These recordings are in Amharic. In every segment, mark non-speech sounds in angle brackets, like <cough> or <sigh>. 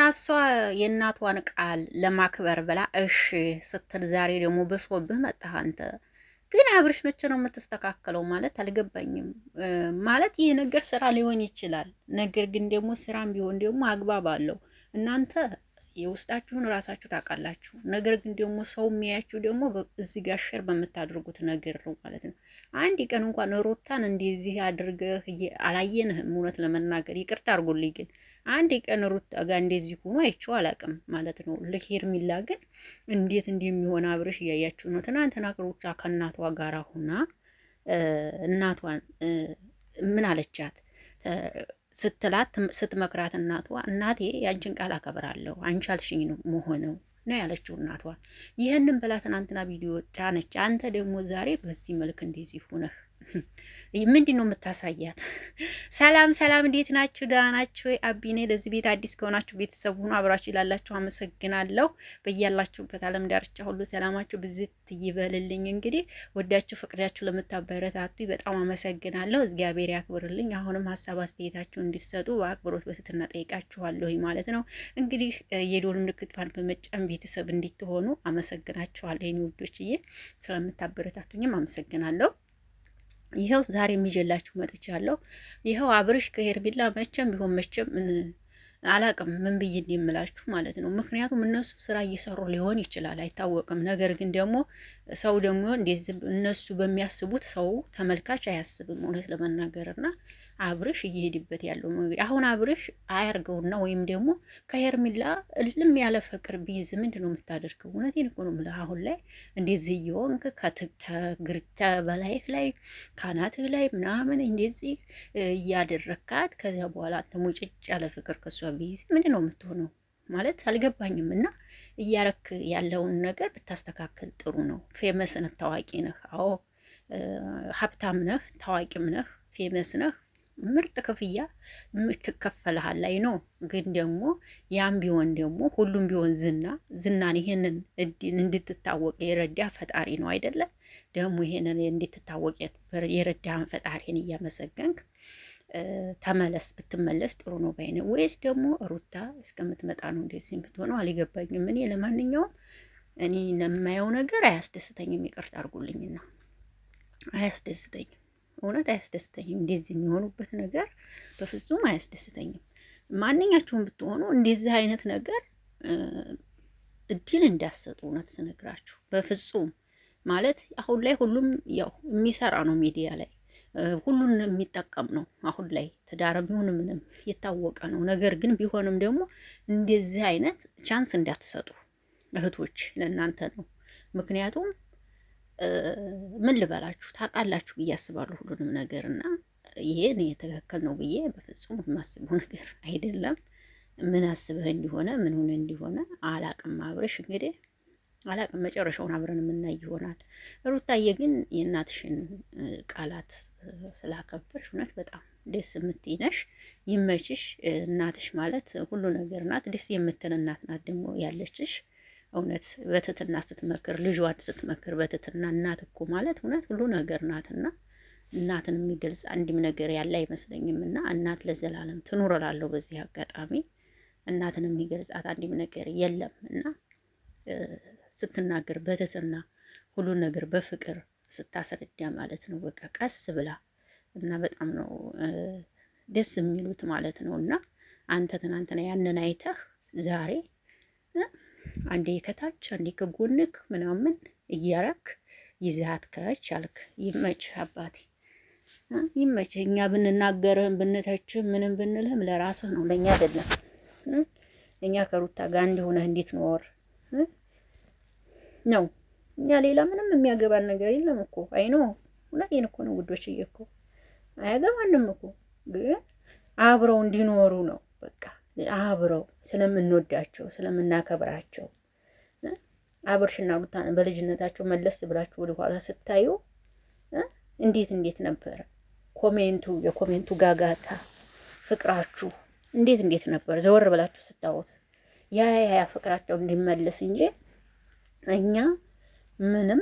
ትናንትና እሷ የእናቷን ቃል ለማክበር ብላ እሺ ስትል ዛሬ ደግሞ በስቦብህ መጣህ አንተ። ግን አብርሽ መቼ ነው የምትስተካከለው? ማለት አልገባኝም። ማለት ይህ ነገር ስራ ሊሆን ይችላል። ነገር ግን ደግሞ ስራም ቢሆን ደግሞ አግባብ አለው። እናንተ የውስጣችሁን ራሳችሁ ታውቃላችሁ። ነገር ግን ደግሞ ሰው የሚያያችሁ ደግሞ እዚህ ጋር በምታደርጉት ነገር ነው ማለት ነው። አንድ ቀን እንኳን ሩታን እንደዚህ አድርገህ አላየንህም። እውነት ለመናገር ይቅርታ አድርጎልኝ፣ ግን አንድ ቀን ሩታ ጋር እንደዚህ ሆኖ አይቼው አላውቅም ማለት ነው። ለሄርሚላ ግን እንዴት እንደሚሆን አብርሽ እያያችሁ ነው። ትናንትና ሩታ ከእናቷ ጋራ ሆና እናቷን ምን አለቻት ስትላት ስትመክራት እናቷ እናቴ ያንቺን ቃል አከብራለሁ አንቺ አልሽኝ ነው መሆነው ነው ያለችው እናቷ። ይህንን ብላ ትናንትና ቪዲዮ ጫነች። አንተ ደግሞ ዛሬ በዚህ መልክ እንደዚህ ሁነህ ምንድን ነው የምታሳያት? ሰላም ሰላም፣ እንዴት ናችሁ? ደህና ናችሁ? አቢኔ ለዚህ ቤት አዲስ ከሆናችሁ ቤተሰብ ሁኑ። አብራችሁ ላላችሁ አመሰግናለሁ። በያላችሁበት ዓለም ዳርቻ ሁሉ ሰላማችሁ ብዝት ይበልልኝ። እንግዲህ ወዳችሁ ፍቅዳችሁ ለምታበረታቱ በጣም አመሰግናለሁ። እግዚአብሔር ያክብርልኝ። አሁንም ሀሳብ አስተያየታችሁ እንዲሰጡ በአክብሮት በትህትና ጠይቃችኋለሁ ማለት ነው። እንግዲህ የዶል ምልክት ምልክቷን በመጫን ቤተሰብ እንዲትሆኑ አመሰግናችኋለሁ። የኔ ውዶችዬ ስለምታበረታቱኝም አመሰግናለሁ። ይኸው ዛሬ የሚጀላችሁ መጥቻለሁ። ይኸው አብርሽ ከሄርሜላ መቼም ቢሆን መቼም አላቅም ምን ብዬ እንደምላችሁ ማለት ነው። ምክንያቱም እነሱ ስራ እየሰሩ ሊሆን ይችላል አይታወቅም። ነገር ግን ደግሞ ሰው ደግሞ እነሱ በሚያስቡት ሰው ተመልካች አያስብም እውነት ለመናገርና አብርሽ እየሄድበት ያለው መንገድ አሁን አብርሽ አያርገውና ወይም ደግሞ ከሄርሚላ እልም ያለ ፍቅር ቢይዝ ምንድን ነው የምታደርገው? እውነቴን እኮ ነው የምልህ። አሁን ላይ እንደዚህ እየሆንክ ከግርቻ በላይህ ላይ ካናትህ ላይ ምናምን እንደዚህ እያደረካት ከዚያ በኋላ ተሞጭጭ ያለ ፍቅር ከሷ ቢይዝ ምንድን ነው የምትሆነው? ማለት አልገባኝም። እና እያረክ ያለውን ነገር ብታስተካከል ጥሩ ነው። ፌመስ ነህ፣ ታዋቂ ነህ። አዎ ሀብታም ነህ፣ ታዋቂም ነህ፣ ፌመስ ነህ። ምርጥ ክፍያ የምትከፈልሃል ላይ ነው። ግን ደግሞ ያም ቢሆን ደግሞ ሁሉም ቢሆን ዝና ዝናን ይሄንን እንድትታወቅ የረዳ ፈጣሪ ነው አይደለ? ደግሞ ይሄንን እንድትታወቅ የረዳህን ፈጣሪን እያመሰገንክ ተመለስ ብትመለስ ጥሩ ነው ባይነ። ወይስ ደግሞ ሩታ እስከምትመጣ ነው እንደዚህ የምትሆነው? አልገባኝም። እኔ ለማንኛውም እኔ ለማየው ነገር አያስደስተኝም። ይቅርታ አድርጉልኝና አያስደስተኝም። እውነት አያስደስተኝም። እንደዚህ የሚሆኑበት ነገር በፍጹም አያስደስተኝም። ማንኛችሁም ብትሆኑ እንደዚህ አይነት ነገር እድል እንዳሰጡ እውነት ስነግራችሁ በፍጹም ማለት አሁን ላይ ሁሉም ያው የሚሰራ ነው ሚዲያ ላይ ሁሉን የሚጠቀም ነው። አሁን ላይ ትዳር ቢሆን ምንም የታወቀ ነው። ነገር ግን ቢሆንም ደግሞ እንደዚህ አይነት ቻንስ እንዳትሰጡ እህቶች፣ ለእናንተ ነው ምክንያቱም ምን ልበላችሁ ታውቃላችሁ ብዬ አስባለሁ ሁሉንም ነገር እና ይሄ እኔ ትክክል ነው ብዬ በፍጹም የማስበው ነገር አይደለም። ምን አስበህ እንዲሆነ ምን ሆነ እንዲሆነ አላቅም። አብረሽ እንግዲህ አላቅም መጨረሻውን አብረን የምናይ ይሆናል። ሩታዬ ግን የእናትሽን ቃላት ስላከበርሽ እውነት በጣም ደስ የምትይ ነሽ። ይመችሽ። እናትሽ ማለት ሁሉ ነገር ናት። ደስ የምትል እናት ናት ደግሞ ያለችሽ። እውነት በትትና ስትመክር ልጇን ስትመክር በትትና እናት እኮ ማለት እውነት ሁሉ ነገር ናትና እናትን የሚገልጽ አንድም ነገር ያለ አይመስለኝም። እና እናት ለዘላለም ትኑር እላለሁ። በዚህ አጋጣሚ እናትን የሚገልጻት አንድም ነገር የለም እና ስትናገር በትትና ሁሉን ነገር በፍቅር ስታስረዳ ማለት ነው። በቃ ቀስ ብላ እና በጣም ነው ደስ የሚሉት ማለት ነው። እና አንተ ትናንትና ያንን አይተህ ዛሬ አንዴ ከታች አንዴ ከጎንክ ምናምን እያረክ ይዛት ከች አልክ። ይመች አባቴ ይመች። እኛ ብንናገርህም ብንተችህም ምንም ብንልህም ለራስህ ነው፣ ለእኛ አይደለም። እኛ ከሩታ ጋር እንደሆነ እንዴት ኖር ነው እኛ ሌላ ምንም የሚያገባን ነገር የለም እኮ አይኖ እውነቴን እኮ ነው ውዶች፣ እየኮ አያገባንም እኮ ግን አብረው እንዲኖሩ ነው በቃ አብረው ስለምንወዳቸው ስለምናከብራቸው አብርሽና ጉታን በልጅነታቸው መለስ ብላችሁ ወደኋላ ስታዩ እንዴት እንዴት ነበር ኮሜንቱ፣ የኮሜንቱ ጋጋታ ፍቅራችሁ እንዴት እንዴት ነበር ዘወር ብላችሁ ስታወት ያ ያ ፍቅራቸው እንዲመለስ እንጂ እኛ ምንም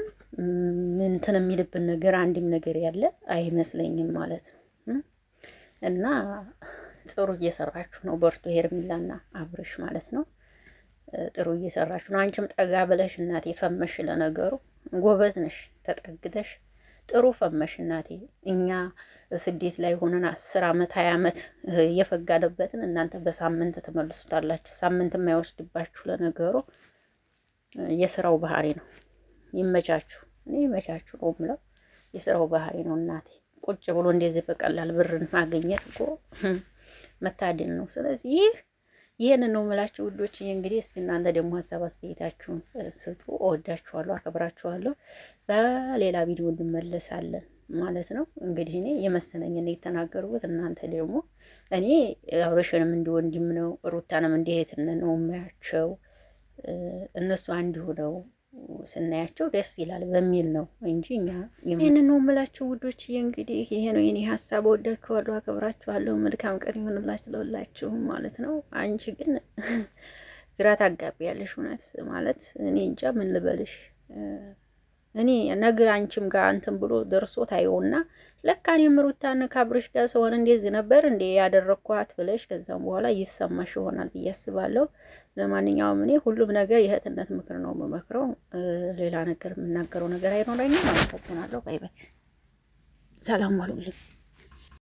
ምንትን የሚልብን ነገር አንድም ነገር ያለ አይመስለኝም ማለት ነው። እና ጥሩ እየሰራችሁ ነው። በርቱ ሄርሚላና አብርሽ ማለት ነው። ጥሩ እየሰራሽ ነው። አንቺም ጠጋ ብለሽ እናቴ ፈመሽ፣ ለነገሩ ጎበዝ ነሽ፣ ተጠግተሽ ጥሩ ፈመሽ እናቴ። እኛ ስደት ላይ ሆነን አስር አመት ሀያ አመት እየፈጋንበትን እናንተ በሳምንት ትመልሱታላችሁ። ሳምንት የማይወስድባችሁ ለነገሩ የስራው ባህሪ ነው። ይመቻችሁ፣ እኔ ይመቻችሁ ነው የምለው። የስራው ባህሪ ነው እናቴ። ቁጭ ብሎ እንደዚህ በቀላል ብርን ማግኘት እኮ መታደል ነው። ስለዚህ ይህንን ነው የምላችሁ ውዶች። ይህ እንግዲህ እስኪ እናንተ ደግሞ ሀሳብ አስተያየታችሁን ስጡ። እወዳችኋለሁ፣ አከብራችኋለሁ። በሌላ ቪዲዮ እንመለሳለን ማለት ነው። እንግዲህ እኔ የመሰለኝን የተናገርኩት እናንተ ደግሞ እኔ አብረሽንም እንደ ወንድም ነው ሩታንም እንደ እህትነት ነው የማያቸው እነሱ አንድ ሆነው ስናያቸው ደስ ይላል በሚል ነው እንጂ እኛ ይህን ነው የምላችሁ ውዶች። እንግዲህ ይሄ ነው የኔ ሀሳብ። ወዳችኋለሁ፣ አከብራችኋለሁ። መልካም ቀን ይሆንላችሁ ለሁላችሁም ማለት ነው። አንቺ ግን <laughs> ግራ ታጋቢያለሽ እውነት ማለት እኔ እንጃ ምን ልበልሽ። እኔ ነገ አንቺም ጋር እንትን ብሎ ደርሶ ታየውና ለካ እኔም ሩታን ካብርሽ ጋር ስሆን እንደዚህ ነበር እንዴ ያደረግኳት ብለሽ ከዛም በኋላ ይሰማሽ ይሆናል ብዬ አስባለሁ። ለማንኛውም እኔ ሁሉም ነገር የእህትነት ምክር ነው የምመክረው። ሌላ ነገር የምናገረው ነገር አይኖረኝም። አመሰግናለሁ። ባይ ባይ። ሰላም ዋሉልኝ።